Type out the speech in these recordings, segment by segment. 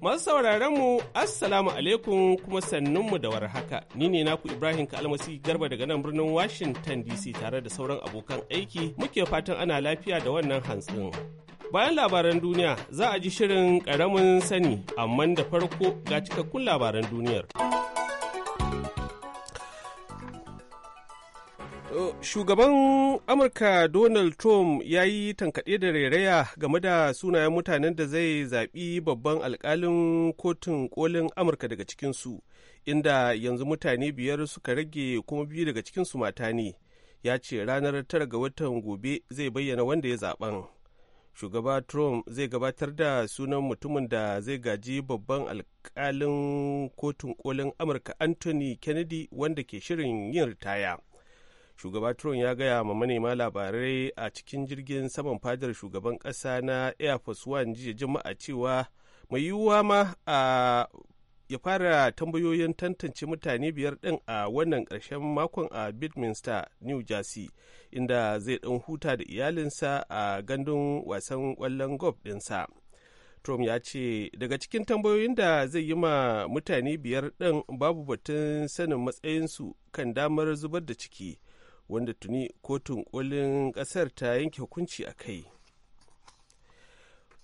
Masu sauraron mu Assalamu alaikum kuma sannun mu da warhaka. Ni ne naku Ibrahim Kalmasi Garba daga nan birnin Washington DC tare da sauran abokan aiki muke fatan ana lafiya da wannan hantsin. Bayan labaran duniya za a ji shirin karamin sani amma da farko ga cikakkun labaran duniyar. Shugaban Amurka Donald Trump ya yi tankaɗe da rairaya game da sunayen mutanen da zai zaɓi babban alƙalin kotun kolin Amurka daga cikinsu, inda yanzu mutane biyar suka rage kuma biyu daga cikinsu mata ne. Ya ce ranar tara ga watan gobe zai bayyana wanda ya zaɓen. Shugaba Trump zai gabatar da sunan mutumin da zai gaji babban alƙalin kotun kolin Amurka Anthony Kennedy wanda ke shirin yin ritaya. shugaba trump ya gaya ma manema labarai a cikin jirgin saman fadar shugaban kasa na air force one jiya juma'a cewa mai yiwuwa ma a ya fara tambayoyin tantance mutane biyar din a wannan ƙarshen makon a bitminster New Jersey, inda zai ɗan huta da iyalinsa a gandun wasan ƙwallon golf ɗinsa. Trump ya ce daga cikin tambayoyin da zai yi ma mutane biyar ɗin babu batun sanin matsayinsu kan damar zubar da ciki wanda tuni kotun kolin kasar ta yanke hukunci a kai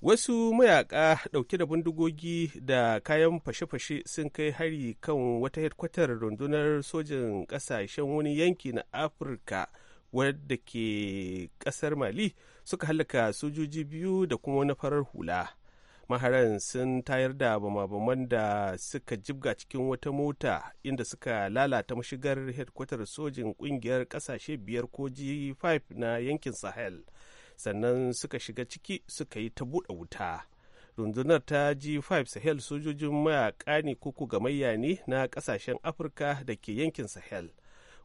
wasu mayaka dauke da bindigogi da kayan fashe-fashe sun kai hari kan wata hedkwatar rundunar sojin kasashen wani yanki na afirka wadda ke kasar mali suka halaka sojoji biyu da kuma wani farar hula maharan sun tayar da bama-baman da suka jibga cikin wata mota inda suka lalata mashigar hedkwatar sojin kungiyar kasashe biyar ko g5 na yankin sahel sannan suka shiga ciki suka yi ta buɗe wuta rundunar ta g5 sahel sojojin mayaƙa ne kuku gamayya ne na kasashen afirka da ke yankin sahel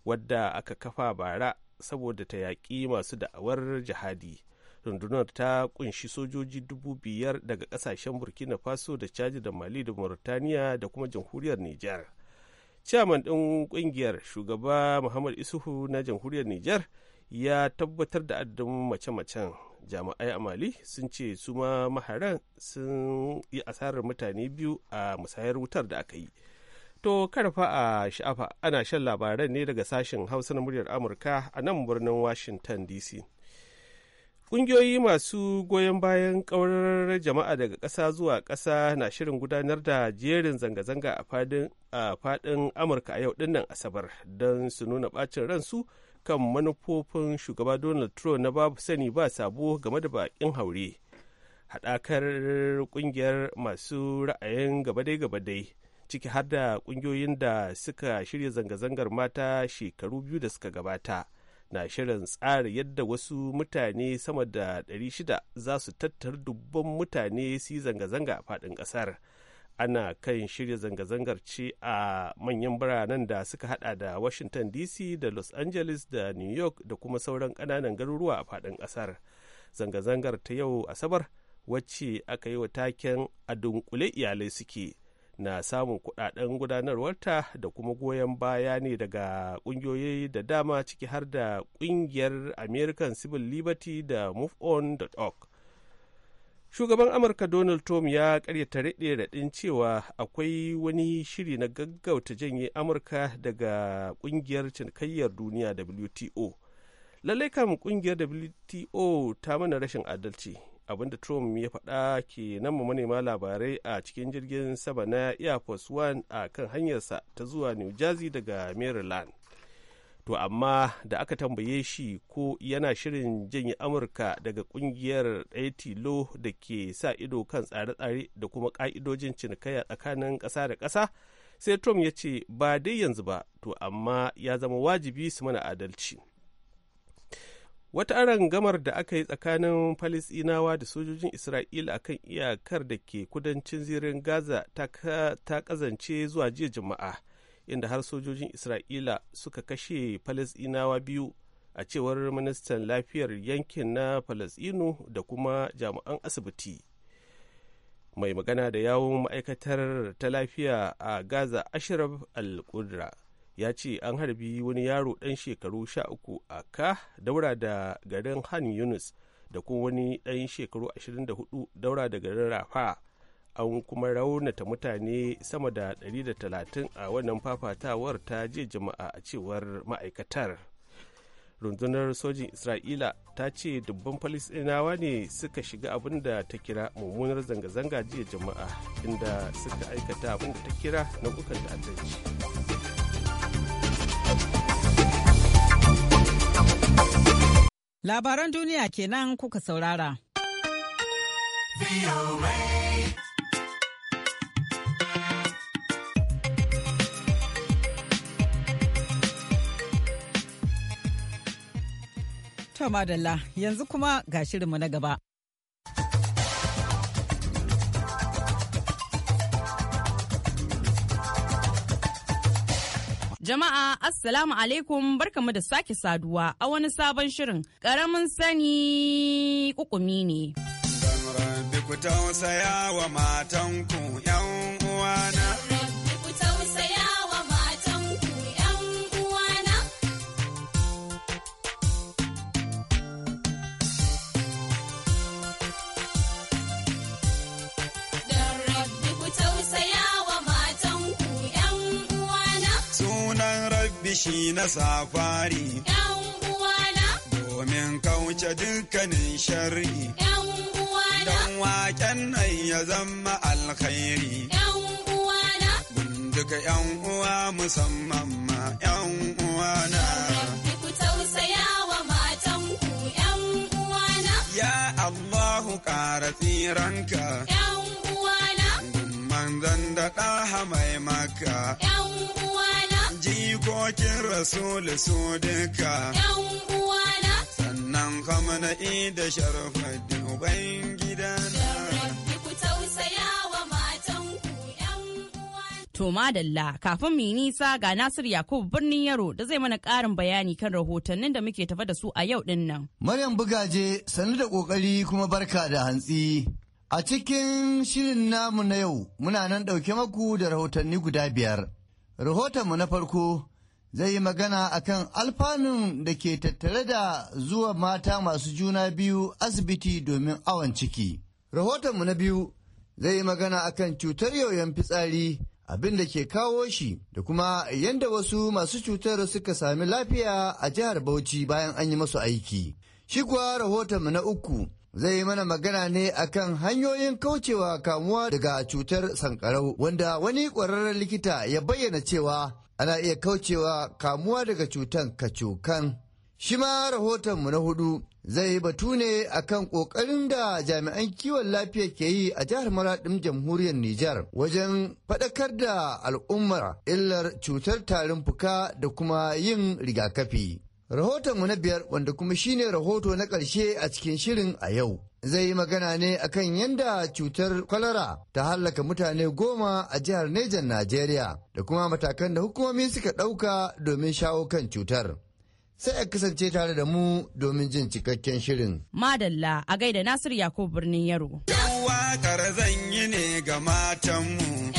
wadda aka kafa bara saboda ta yaƙi masu da'awar jihadi rundunar ta kunshi sojoji dubu biyar daga kasashen burkina faso da chadi da mali da mauritaniya da kuma jamhuriyar nijar ciyaman ɗin ƙungiyar shugaba muhammad isuhu na jamhuriyar nijar ya tabbatar da adadin mace-macen jami'ai a mali sun ce su ma maharan sun yi asarar mutane biyu a musayar wutar da aka yi to karfa a sha'afa ana shan labaran ne daga sashen hausa na muryar amurka a nan birnin washington dc Ƙungiyoyi masu goyon bayan ƙaurar jama'a daga ƙasa zuwa ƙasa na shirin gudanar da jerin zanga-zanga a faɗin Amurka a yau dinnan Asabar don su nuna ɓacin ransu kan manufofin shugaba Donald Trump na babu sani ba sabo game da baƙin haure. Haɗakar ƙungiyar masu ra'ayin gabadai-gabadai ciki har da ƙungiyoyin da suka shirya zanga-zangar mata shekaru biyu da suka gabata. na shirin tsara yadda wasu mutane sama da 600 za su tattar dubban mutane su zanga-zanga a faɗin ƙasar ana kan shirya zanga-zangar ce a manyan biranen da suka hada da washington dc da los angeles da new york da kuma sauran ƙananan garuruwa a faɗin ƙasar zanga-zangar ta yau asabar wacce aka yi wa taken a dunkule iyalai suke na samun kudaden gudanarwarta da kuma goyon baya ne daga kungiyoyi da dama ciki har da kungiyar american civil liberty da moveon.org shugaban amurka donald trump ya karyata raɗe raɗin cewa akwai wani shiri na gaggauta janye amurka daga kungiyar cinikayyar duniya wto lallai kam kungiyar wto ta mana rashin adalci abinda trump ya faɗa ke nan ma manema labarai a cikin jirgin sama na air force one a kan hanyarsa ta zuwa new jersey daga maryland to amma da aka tambaye shi ko yana shirin janye amurka daga kungiyar ɗaya tilo da ke sa ido kan tsare-tsare da kuma ƙa'idojin cinikayya tsakanin ƙasa da ƙasa sai trump ya ce ba dai yanzu ba to amma ya zama wajibi su mana adalci wata arangamar da aka yi tsakanin falisinawa da sojojin isra'ila a kan iyakar da ke kudancin zirin gaza ta kazance zuwa jiya juma'a inda har sojojin isra'ila suka kashe falisinawa biyu a cewar ministan lafiyar yankin na falisinu da kuma jami'an asibiti mai magana da yawon ma'aikatar ta lafiya a gaza ashraf al-qudra ya ce an harbi wani yaro ɗan shekaru sha uku a ka daura da garin han yunus da kuma wani ɗan shekaru 24 daura da garin rafa an kuma raunata mutane sama da 130 a wannan fafatawar ta je jama'a a cewar ma'aikatar rundunar sojin isra'ila ta ce dubban falisdinawa ne suka shiga abin da ta kira mummunar zanga-zanga jiya jama'a inda suka aikata abin da ta kira na nau'ukan ta'addanci. Labaran duniya kenan kuka saurara. To dala, yanzu kuma ga shirinmu na gaba. Jama'a Assalamu alaikum barkamu da sake saduwa a wani sabon shirin ƙaramin sani kukumi ne. Zamar ku tausaya wa matanku 'yan uwana. Shi na safari. Domin kauce dukkanin shari. Dan waken nan ya zama alkhairi. Duka ‘yan uwa musamman ma ‘yan uwana. Ku tausaya wa matanku ‘yan Ya Allahu ƙara tsiranka. ‘Yan uwana. Manzan da ɗaha mai maka. ‘Yan uwana. jikokin rasulu su duka. uwana. Sannan kama na da sharafaddin Ubangida na. ku tausaya To madalla kafin mu nisa ga Nasir Yakubu birnin Yaro da zai mana ƙarin bayani kan rahotannin da muke tafa da su a yau din nan. Maryam Bugaje sannu da ƙoƙari kuma barka da hantsi. A cikin shirin namu na yau muna nan ɗauke maku da rahotanni guda biyar. Rahotonmu na farko zai yi magana a kan alfanun da ke tattare da zuwa mata masu juna biyu asibiti domin awon ciki. Rahotonmu na biyu zai yi magana a kan cutar yoyon fitsari abin da ke kawo shi da kuma yadda wasu masu cutar suka sami lafiya a jihar Bauchi bayan an yi masu aiki. Shi kuwa rahotonmu na uku zai yi mana magana ne a kan hanyoyin kaucewa kamuwa daga cutar sankarau wanda wani ƙwararren likita ya bayyana cewa ana iya kaucewa kamuwa daga cutan kacokan. Shi ma rahotonmu na hudu zai batu ne kan ƙoƙarin da jami'an kiwon lafiya ke yi a jihar maradin jamhuriyar Nijar wajen faɗakar da al'ummar illar cutar tarin fuka da kuma yin rigakafi. Rahotonmu na biyar wanda kuma shine rahoto na ƙarshe a cikin shirin a yau. zai yi magana ne akan yadda cutar kwalara ta hallaka mutane goma a jihar Nejan Najeriya da kuma matakan da hukumomi suka ɗauka domin shawo kan cutar. Sai a kasance tare da mu domin jin cikakken shirin. Madalla a gaida Nasiru Yakubu birnin Yaro. zan yi ne ga matanmu.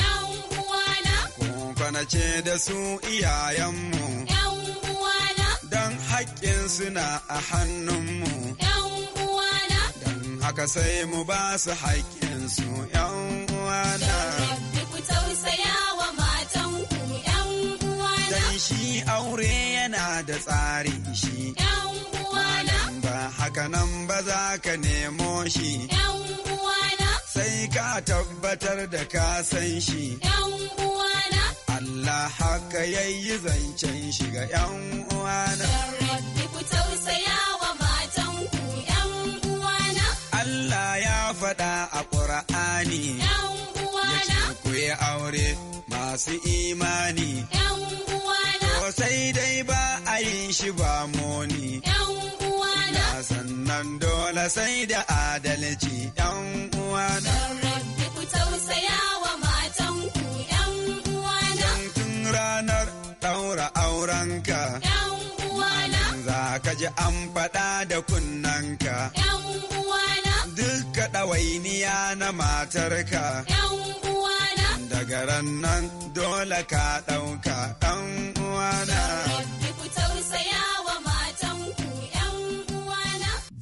ce da su iyayenmu. Don haƙƙin suna a hannunmu. Yan haka sai mu ba su haƙƙinsu ‘yan uwana. matanku ‘yan uwana. shi aure yana da tsari shi. uwana. Ba haka nan ba za ka nemo shi. ‘Yan uwana. Sai ka tabbatar da ka san shi. ‘Yan uwana. Allah haka yayi zancen shiga ‘yan uwana. Rabbi ku tausaya wa faɗa a ƙura'ani ya ce aure masu imani sai dai ba a yi shi ba moni sannan dole sai da adalci yan uwana rabbi ku tausaya wa matan ku yan uwana tun ranar ɗaura aurenka yan uwana za ka ji an faɗa da kunnanka ɗawainiya na matarka. Daga ran nan dole ka ɗauka ɗan uwana.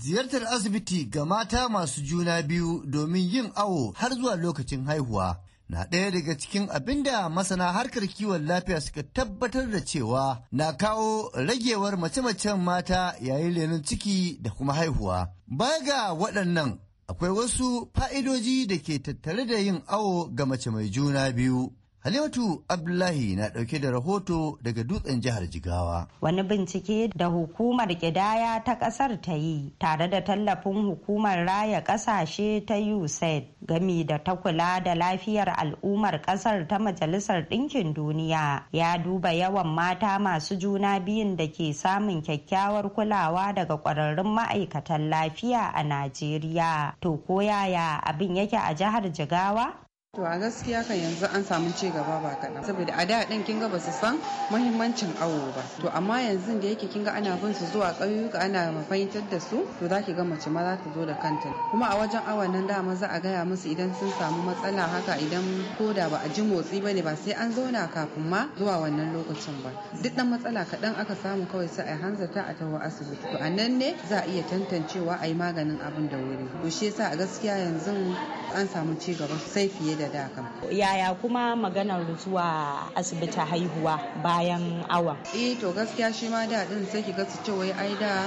ziyartar asibiti ga mata masu juna biyu domin yin awo har zuwa lokacin haihuwa na ɗaya daga cikin abin da masana harkar kiwon lafiya suka tabbatar da cewa na kawo ragewar mace-macen mata yayin lenin ciki da kuma haihuwa. Baya waɗannan akwai wasu fa'idoji da ke tattare da yin awo ga mace mai juna biyu. Halimatu Abdullahi na ɗauke da rahoto daga dutsen jihar Jigawa. Wani bincike da hukumar ƙidaya ta ƙasar ta yi tare da tallafin hukumar raya ƙasashe ta USAID gami da ta kula da lafiyar al'ummar ƙasar ta Majalisar Ɗinkin Duniya ya duba yawan mata masu juna biyun da ke samun kyakkyawar kulawa daga ƙwararrun ma'aikatan lafiya a Najeriya. To ko yaya abin yake a jihar Jigawa? To a gaskiya kan yanzu an samu ci gaba ba kaɗan saboda a da ɗin kinga ba su san muhimmancin awo ba to amma yanzu da yake kinga ana bin su zuwa ƙauyuka ana fahimtar da su to za ki ga mace ma za ta zo da kanta kuma a wajen awon nan dama za a gaya musu idan sun samu matsala haka idan ko da ba a ji motsi ba ne ba sai an zauna kafin ma zuwa wannan lokacin ba duk ɗan matsala kaɗan aka samu kawai sai a hanzarta a taho asibiti to a nan ne za a iya tantancewa a yi maganin abin da wuri to shi yasa a gaskiya yanzu an samu ci gaba sai fiye da da yaya kuma maganar zuwa asibiti haihuwa bayan awa eh to gaskiya shi ma da din sai ki ga su ce wai ai da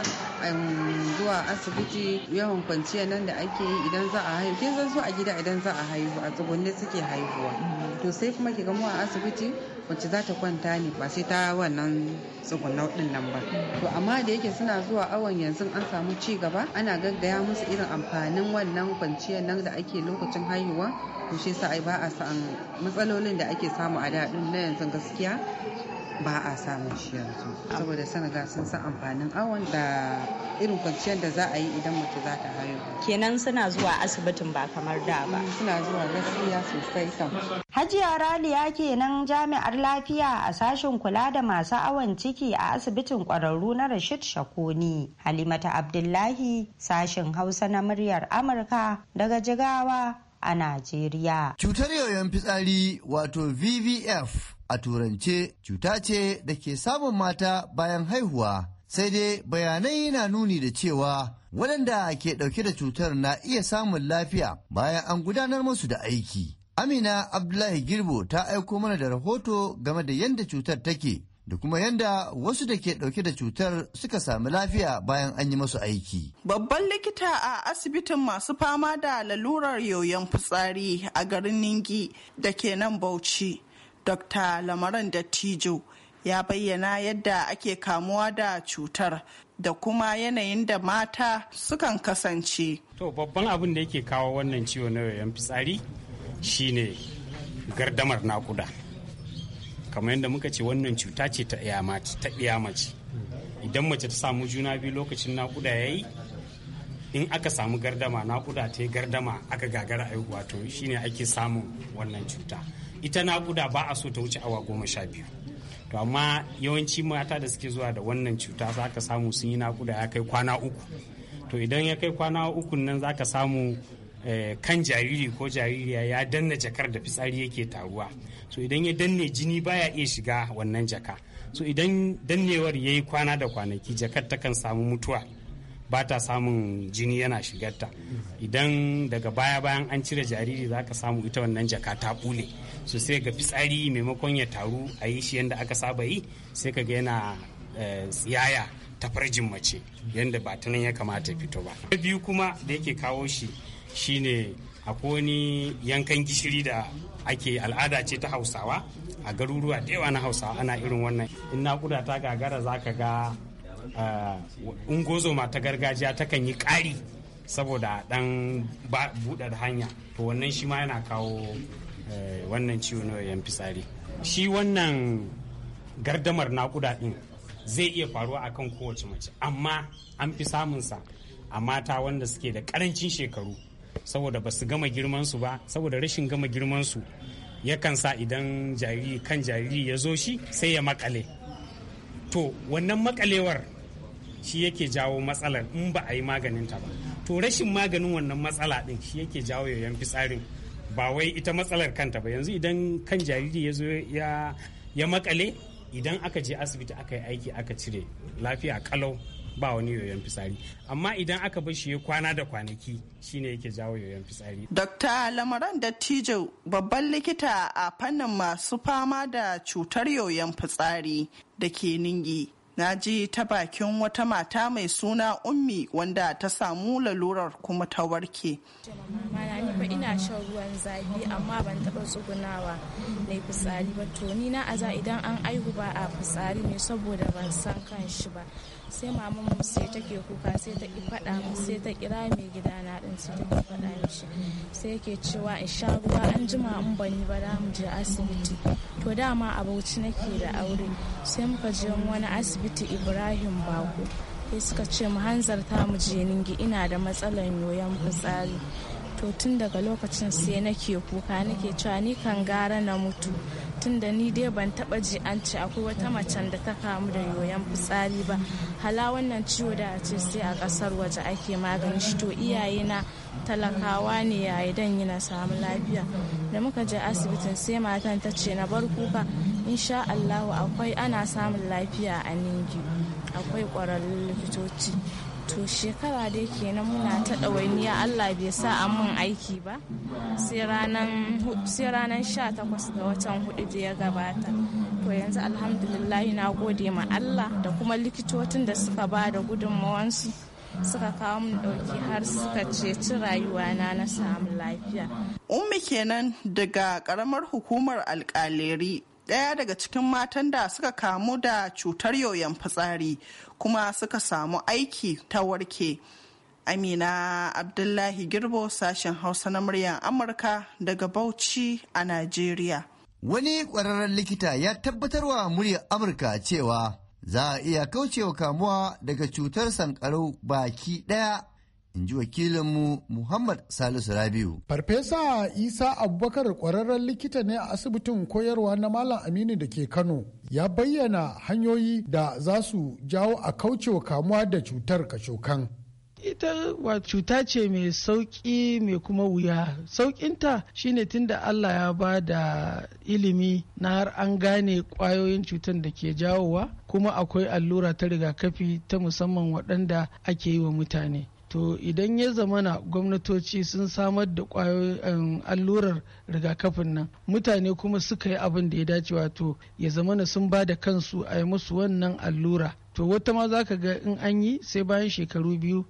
zuwa asibiti yawan kwanciya nan da ake yi idan za a haihu kin san su a gida idan za a haihu a tsugunne suke haihuwa mm-hmm. to sai kuma ki ga mu a asibiti wacce za ta kwanta ne ba sai ta wannan tsugun nau'in nan ba to amma da yake suna zuwa awon yanzu an samu ci gaba ana gaggaya musu irin amfanin wannan kwanciyar nan da ake lokacin haihuwa to shi sa ai ba a san matsalolin da ake samu a daɗin na yanzu gaskiya ba a samun shi yanzu saboda sanaga sun san amfanin awon da irin kwanciyar da za a yi idan mace za ta hayo kenan suna zuwa asibitin ba kamar da ba mm, suna zuwa gaskiya sosai kam hajiya raliya kenan jami'ar lafiya a sashen kula da masu awon ciki a asibitin kwararru na rashid shakoni halimata abdullahi sashen hausa na muryar amurka daga jigawa a najeriya cutar yoyon fitsari wato vvf a turance cuta ce da ke samun mata bayan haihuwa sai dai bayanai na nuni da cewa waɗanda ke ɗauke da cutar na iya samun lafiya bayan an gudanar masu da aiki. Amina Abdullahi Girbo ta aiko mana da rahoto game da yadda cutar take da kuma yadda wasu da ke ɗauke da cutar suka sami lafiya bayan an yi masu aiki. Babban likita a asibitin masu fama da lalurar yoyon fitsari a garin Ningi da ke nan Bauchi. dr lamaran dattijo ya bayyana yadda ake kamuwa da cutar da kuma yanayin da mata sukan kasance to babban abin da yake kawo wannan ciwo na yoyon fitsari shine gardamar nakuda kamar yadda muka ce wannan cuta ce ta iya mace idan mace ta samu juna biyu lokacin nakuda ya yi in aka samu gardama nakuda ta yi gardama aka gagara aihuwa to shine ake samun wannan cuta ita naƙuda ba a so ta wuce awa goma sha biyu to amma yawanci mata da suke zuwa da wannan cuta za ka samu sun yi naƙuda ya kai kwana uku to idan ya kai kwana uku nan za ka samu eh, kan jariri ko jaririya ya danna jakar da fitsari yake taruwa so idan ya danne jini baya iya shiga wannan jaka so idan dannewar ya yi kwana da kwanaki jakar takan samu mutuwa ba ta samun jini yana shigarta idan daga baya bayan an cire jariri za ka samu ita wannan jaka ta bule so sai ga fitsari maimakon ya taru a yi shi yadda aka saba yi sai ka ga yana eh, tsiyaya ta farjin mace yadda ba ta nan ya kamata fito ba na biyu kuma da yake kawo shi shine akwai wani yankan gishiri da ake al'ada ce ta hausawa a garuruwa da yawa na hausawa ana irin wannan in naƙuda ta gagara za ka ga Ah, ma ta gargajiya takan yi ƙari saboda dan buɗar hanya to wannan shi ma yana kawo eh, wannan ciwo na yan fitsari shi wannan gardamar naƙuda ɗin zai iya faruwa akan kowace mace amma an fi samunsa a mata wanda suke da ƙarancin shekaru saboda ba su gama girmansu ba saboda rashin gama girmansu yakan sa idan jariri kan jariri ya zo shi sai ya makale to wannan makalewar shi yake jawo matsalar in ba a yi maganin ta ba to rashin maganin wannan matsala din shi yake jawo yoyon fitsarin ba wai ita matsalar kanta ba yanzu idan kan jariri ya zo ya makale idan aka je asibiti aka yi aiki aka cire lafiya kalau ba wani yoyon fitsari amma idan aka bar shi ya kwana da kwanaki shine yake jawo yoyon fitsari dokta lamaran dattijo babban likita a fannin masu fama da cutar yoyon fitsari da ke ningi na ji ta bakin wata mata mai suna ummi wanda ta samu lalurar kuma ta warke ina shan ruwan zafi amma ban taba tsugunawa na fitsari ba to ni na aza idan an aihu ba a fitsari ne saboda ban san kan shi ba sai maman mu sai take kuka sai ta faɗa mu sai ta kira mai gida na din sai ta faɗa mishi sai yake cewa in sha ruwa an jima in ban yi ba za mu je asibiti to dama a bauchi nake da aure sai muka je wani asibiti ibrahim bako sai suka ce mu hanzarta mu je ningi ina da matsalar yoyon fitsari to tun daga lokacin sai nake kuka nake cewa ni kan gara na mutu tun da ni dai ban taba ji an ce akwai wata macen da ta kamu da yoyon fitsari ba hala wannan ciwo da a ce sai a kasar waje ake magani shi to iyaye na talakawa ne yayi dan yi na samu lafiya da muka je asibitin sai matan ta ce na bar kuka insha allahu akwai ana samun lafiya a ningi akwai kwararrun likitoci to shekara dai kenan muna ta ɗawainiya allah bai sa a mun aiki ba sai ranar sha takwas ga watan hudu da ya gabata to yanzu alhamdulillah na gode ma allah da kuma likitocin da suka ba da gudunmawansu suka kawo mun ɗauki har suka ceci rayuwana na samu lafiya. Ummi kenan daga ƙaramar hukumar alƙaleri ɗaya daga cikin matan da suka kamu da cutar yoyon fitsari kuma suka samu aiki ta warke. Amina Abdullahi Girbo sashen Hausa na muryar Amurka daga Bauchi a Najeriya. Wani kwararren likita ya tabbatar wa muryar Amurka cewa za a iya kaucewa kamuwa daga cutar sankarau baki ɗaya in ji wakilinmu Muhammad Salisu Rabiu. Farfesa Isa Abubakar ƙwararren likita ne a asibitin koyarwa na Malam Aminu da ke Kano ya bayyana hanyoyi da za su jawo a kaucewa kamuwa da cutar kashokan. ita wa cuta ce mai sauki mai kuma wuya saukinta shine tunda allah ya ba da ilimi na har an gane ƙwayoyin cutar da ke jawowa kuma akwai allura ta rigakafi ta musamman waɗanda ake yi wa mutane to idan ya zamana gwamnatoci sun samar da kwayoyin allurar rigakafin nan mutane kuma suka yi abin da ya dace wato ya zamana sun ba da kansu a yi musu wannan allura to wata ma za ka ga in an yi sai bayan shekaru biyu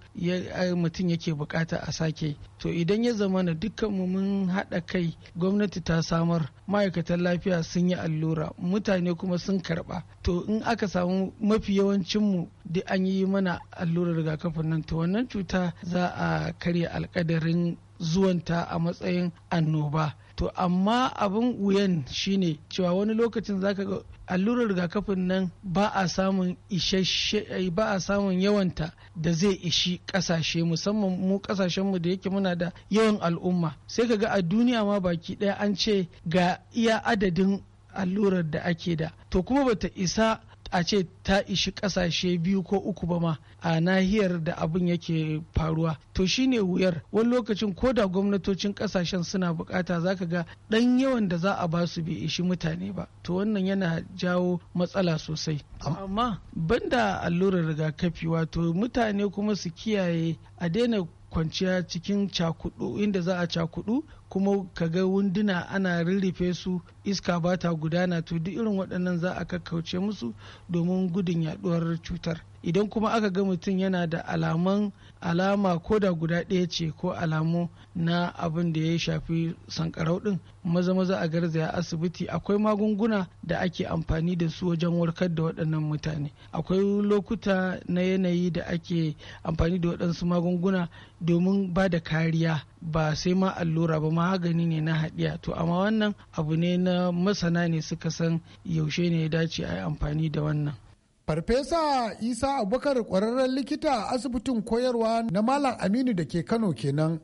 mutum yake bukata a sake to idan ya zama na dukkan mu mun haɗa kai gwamnati ta samar ma'aikatan lafiya sun yi allura mutane kuma sun karɓa to in aka samu mafi yawancin mu da an yi mana allurar rigakafin nan to wannan cuta za a karya alkadarin zuwanta a matsayin annoba to amma abin wuyan shine cewa wani lokacin zaka ga allurar rigakafin nan ba a samun eh, ba a samun yawanta da zai ishi kasashe musamman mu kasashen mu da yake muna da yawan al'umma sai ka ga a duniya ma baki ɗaya an ce ga iya adadin allurar da ake da to kuma bata isa a ce ta ishi kasashe biyu ko uku ba ma a nahiyar da abin yake faruwa to shine wuyar wani lokacin ko da gwamnatocin kasashen suna bukata zaka ga dan yawan da za a ba su bai ishi mutane ba to wannan yana jawo matsala sosai amma banda allurar rigakafi wato mutane kuma su kiyaye a daina kwanciya cikin cakudu inda za a cakudu kuma ka ga wunduna ana rirrife su iska ba ta gudana to duk irin waɗannan za a kakkauce musu domin gudun yaɗuwar cutar idan kuma aka ga mutum yana da alaman alama ko da guda ɗaya ce ko alamu na abin da ya shafi sankarau ɗin maza maza a garzaya asibiti akwai magunguna da ake amfani da su wajen warkar da waɗannan mutane akwai lokuta na yanayi da ake amfani da waɗansu magunguna domin ba da kariya ba sai ma allura ba magani ne na haɗiya to amma wannan abu ne na masana ne suka san yaushe ne ya dace a yi amfani da wannan Farfesa Isa Abubakar ƙwararren likita a asibitin koyarwa na Malam Aminu da ke Kano kenan.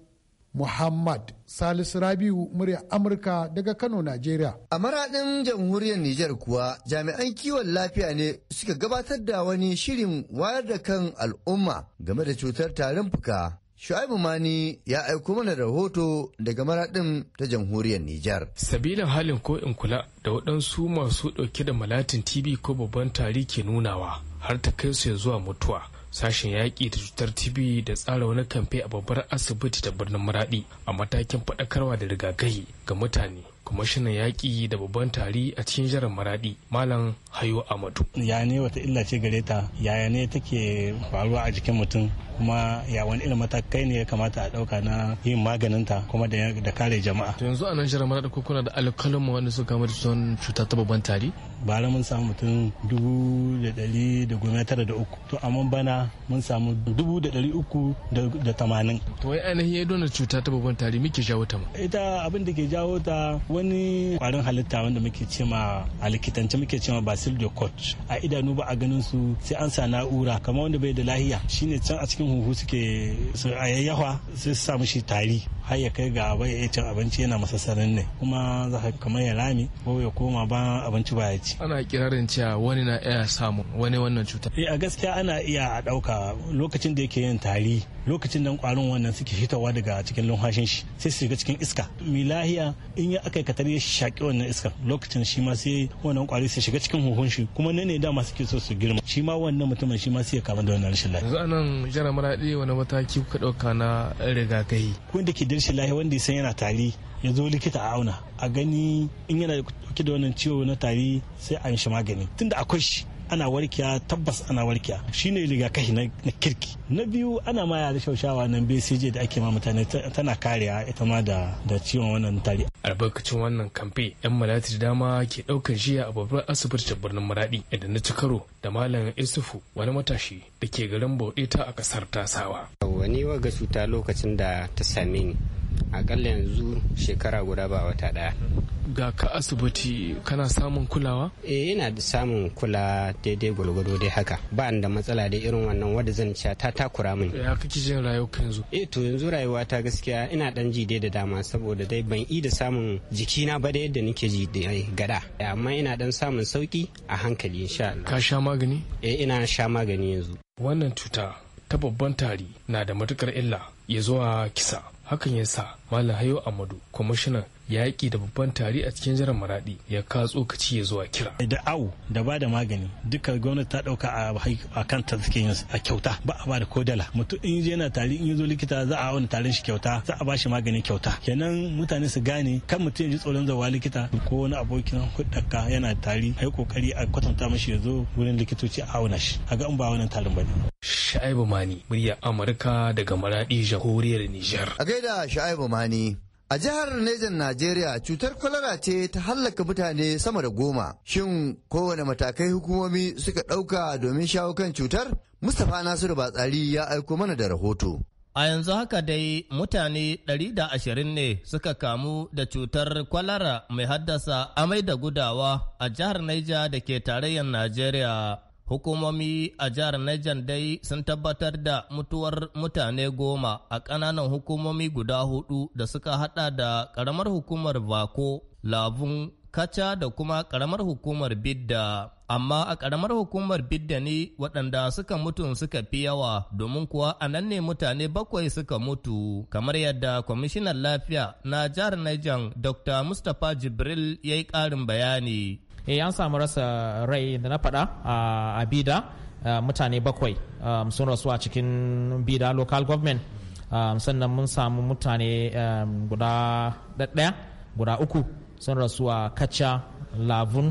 Muhammad Salisu Rabiu murya Amurka daga Kano, Najeriya. A maraɗin jamhuriyar Nijar kuwa jami'an kiwon lafiya ne suka gabatar da wani shirin wayar da kan al'umma game da cutar tarin fuka Shu'aibu Mani ya aiko mana rahoto daga maraɗin ta jamhuriyar Nijar. Sabilin halin ko in kula da waɗansu masu ɗauke da malatin TB ko babban tari ke nunawa har ta kai su zuwa mutuwa. Sashen yaƙi da cutar TB da tsara wani kamfe a babbar asibiti da birnin maraɗi a matakin faɗakarwa da rigakafi ga mutane kwamishinan yaƙi da babban tari a cikin jiran maradi malam hayo amadu ya ne wata illa ce gare ta yaya ne take faruwa a jikin mutum kuma ya wani irin matakai ne ya kamata a ɗauka na yin maganin ta kuma da kare jama'a to yanzu a nan jiran maradi ko kuna da alƙalin mu wanda suka da son cuta ta babban tari bara mun samu mutum dubu da ɗari da goma tara da uku to amma bana mun samu dubu da ɗari uku da tamanin to wai ainihin ya dona cuta ta babban tari muke jawo ta ma ita abin da ke jawo jawo ta wani kwarin halitta wanda muke cema a likitance muke cema basil de coach a idanu ba a ganin su sai an sa na'ura kamar wanda bai da lahiya shine can a cikin huhu suke a yayyafa sai su samu shi tari har ya kai ga bai iya cin abinci yana masa sanin ne kuma za ka kamar ya rami ko ya koma ba abinci ba ya ci ana kirarin cewa wani na iya samu wani wannan cuta eh a gaskiya ana iya a dauka lokacin da yake yin tari lokacin da kwarin wannan suke hitawa daga cikin lumhashin shi sai su shiga cikin iska milahiya in ya aka katar ya shaƙi wannan iska lokacin shi ma sai wannan kwari sai shiga cikin huhun shi kuma ne ne masu ke so su girma shi ma wannan mutumin shi ma sai ya kama da wannan rashin lafiya. yanzu anan jana maraɗi wani mataki kuka ɗauka na rigakafi. kun da ke da rashin lafiya wanda ya san yana tari ya zo likita a auna a gani in yana dauke da wannan ciwo na tari sai an shi magani tunda akwai shi ana warkiya tabbas ana warkiya shine rigakafi na kirki na biyu ana ma yara shaushawa nan bcg da ake ma mutane tana kariya ita ma da da ciwon wannan tari albarkacin wannan kamfe yan malati da dama ke daukar jiya a babbar asibiti birnin maradi inda na ci karo da malam isufu wani matashi da ke garin bauɗe ta a kasar tasawa wani ga cuta lokacin da ta same ni akalla yanzu shekara guda ba wata daya ga ka asibiti kana samun kulawa? eh ina da samun kula daidai gwalgwado dai haka ba da matsala da irin wannan wadda zan ci ta takura min ya kake jin rayuwa yanzu eh to yanzu rayuwa ta gaskiya ina dan ji dai da dama saboda dai ban yi da samun jikina ba da yadda nake ji da gada amma ina dan samun sauki a hankali insha Allah ka sha magani eh ina sha magani yanzu wannan cuta ta babban tari na da matukar illa ya zuwa kisa hakan ya sa malam hayo amadu kwamishinan yaƙi da babban tari a cikin jiran maradi ya ka tsokaci ya zuwa kira da awu da ba da magani duka gwamnati ta ɗauka a kan ta suke yin a kyauta ba a ba da ko dala mutum in yana tari in zo likita za a wani tarin shi kyauta za a ba shi magani kyauta kenan mutane su gane kan mutum ya ji tsoron zawa likita ko wani abokin hudaka yana tari a yi kokari a kwatanta mashi ya zo wurin likitoci a auna shi a ga in ba wani tarin ba ne. Sha'ibu Mani, muryar Amurka daga Maradi, Jamhuriyar Nijar. A gaida Sha'ibu Mani, A jihar Nejan Najeriya cutar kwalara ce ta hallaka mutane sama da goma. Shin kowane matakai hukumomi suka ɗauka domin shawo kan cutar? Mustapha Nasiru Batsari ya aiko mana da rahoto. A yanzu haka dai mutane 120 ne suka kamu da cutar kwalara mai haddasa amai da gudawa a jihar Naija da ke tarayyar Najeriya. Hukumomi a jihar Niger dai sun tabbatar da mutuwar mutane goma a ƙananan hukumomi guda hudu da suka hada da ƙaramar hukumar Bako, Labun, Kacha da kuma ƙaramar hukumar Bidda. Amma a ƙaramar hukumar Bidda ne waɗanda suka mutu suka fi yawa domin kuwa a nan ne mutane bakwai suka mutu, kamar yadda kwamishinan lafiya na jihar Niger Dr. Mustapha Jibril ya yi ƙarin bayani. eh an samu rasa rai da na faɗa a bida eh, mutane bakwai um, sun rasu a cikin bida local government um, sannan mun samu mutane um, guda ɗaya guda uku sun rasu a kacha lavun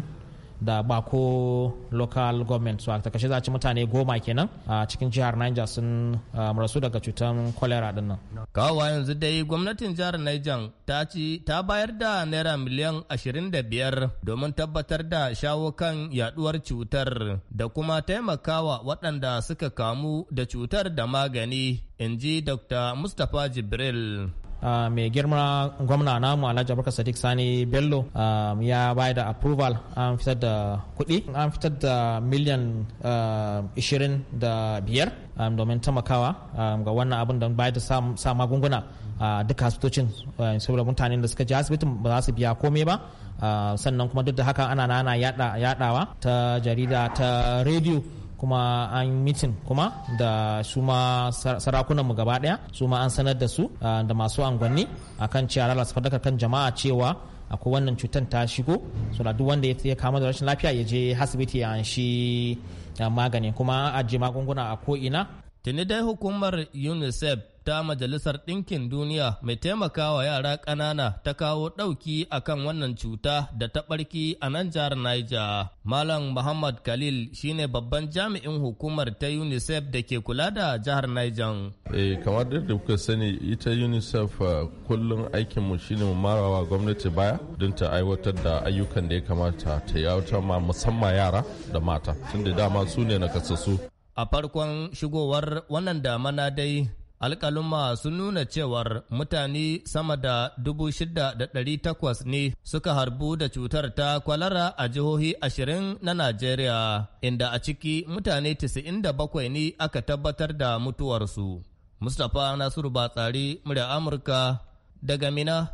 da bako local government su a takashe za ci mutane goma kenan a cikin jihar niger sun rasu daga cutar cholera din nan kawawa yanzu dai gwamnatin jihar niger ta ci ta bayar da naira miliyan 25 domin tabbatar da shawo kan yaduwar cutar da kuma taimakawa waɗanda suka kamu da cutar da magani in ji dr mustapha jibril Ah, mai girma gwamna namu alhaji abubakar sadiq sani bello ah, ya bayar da approval an fitar da kuɗi an fitar da miliyan 25 ah, domin tamakawa ga wannan abin da bayar da sa magunguna duka asibitocin saboda mutanen da suka je asibitin ba za su biya komai ba sannan kuma duk da haka ana nana yadawa ta jarida ta rediyo kuma an mitin kuma da su ma sarakunanmu gaba daya su ma an sanar da su da masu angwanni akan cewa lalata fadakar kan jama'a cewa akwai wannan cutar ta shigo so duk wanda ya kama da rashin lafiya ya je asibiti ya shi magani kuma a ajiye magunguna a ko ina tuni dai hukumar unicef ta Majalisar Ɗinkin Duniya mai taimakawa yara ƙanana ta kawo ɗauki akan wannan cuta da ta ɓarki a nan jihar Niger. Malam Muhammad Khalil shine babban jami'in hukumar ta UNICEF da ke kula da jihar Niger. Eh kamar da kuka sani ita UNICEF eh, kullum aikin mu shine mu marawa gwamnati baya don ta aiwatar da ayyukan da ya kamata ta yawata ma musamman yara da mata tunda dama su ne nakasassu. A farkon shigowar wannan damana dai ma sun nuna cewar mutane sama da 6,800 ne suka harbu da cutar ta kwalara a jihohi 20 na Najeriya, inda a ciki mutane 97 ne aka tabbatar da mutuwarsu. Mustapha Nasiru Batsari, murya Amurka, daga Mina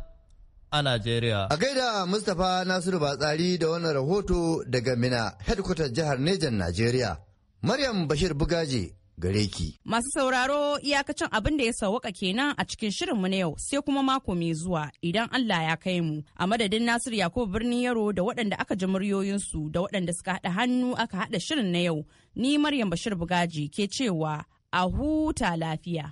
a Najeriya. A gaida Mustapha Nasiru Batsari da wannan rahoto daga Mina, headquarter jihar Nejan Najeriya. Maryam Bashir Bugaji gare ki. Masu sauraro iyakacin abin da ya sauwaka kenan a cikin shirin mu na yau sai kuma mako mai zuwa idan Allah ya kai mu. A madadin Nasir Yakubu birnin Yaro da waɗanda aka ji muryoyinsu da waɗanda suka haɗa hannu aka haɗa shirin na yau. Ni Maryam Bashir Bugaji ke cewa a huta lafiya.